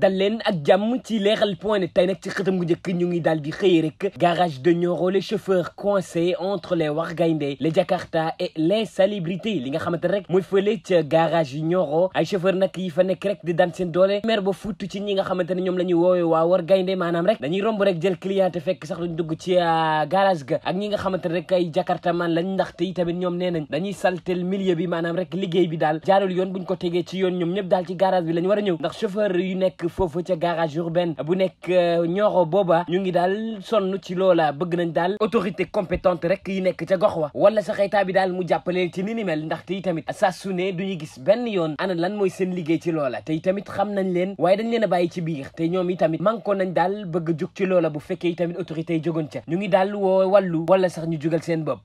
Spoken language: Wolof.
dal leen ak jàmm ci leeral point net tey nag ci xëtam gu njëkk ñu ngi daal di xëy rek garage de Nioro les chauffeurs coincés entre les wax gaynde les Jakarta et l'insalubrité li nga xamante rek mooy fële ca garage yu Nioro ay chauffeur yi fa nekk rek di daan seen doole mer ba futt ci ñi nga xamante ne ñoom la ñuy woowe waa war gaynde maanaam rek dañuy romb rek jël client te fekk sax duñ dugg ci ah, garage ga ak ñi nga xamante ne rek ay Jakarta man lañ ndaxte yi tamit ñoom nee nañ dañuy saltel milieu bi maanaam rek liggéey bi daal jaarul yoon buñ ko tegee ci yoon ñoom ñëpp daal ci bi lañ war a ñëw ndax chauffeur foofu ca garage urbaine bu nekk ñoro euh, booba ñu ngi daal sonn ci loola bëgg nañ daal autorité compétente rek yi nekk ca gox wa wala sax état bi daal mu jàppaleel ci ni ni mel ndaxte i tamit saa su ne duñu gis benn yoon ana lan mooy seen liggéey ci loola te i tamit xam nañ leen waaye dañ leen a bàyyi ci biir te ñoom i tamit manko nañ daal bëgg jug ci loola bu fekkee i tamit autorité yi jógoon ca ñu ngi daal woo wàllu wala sax ñu jugal seen bopp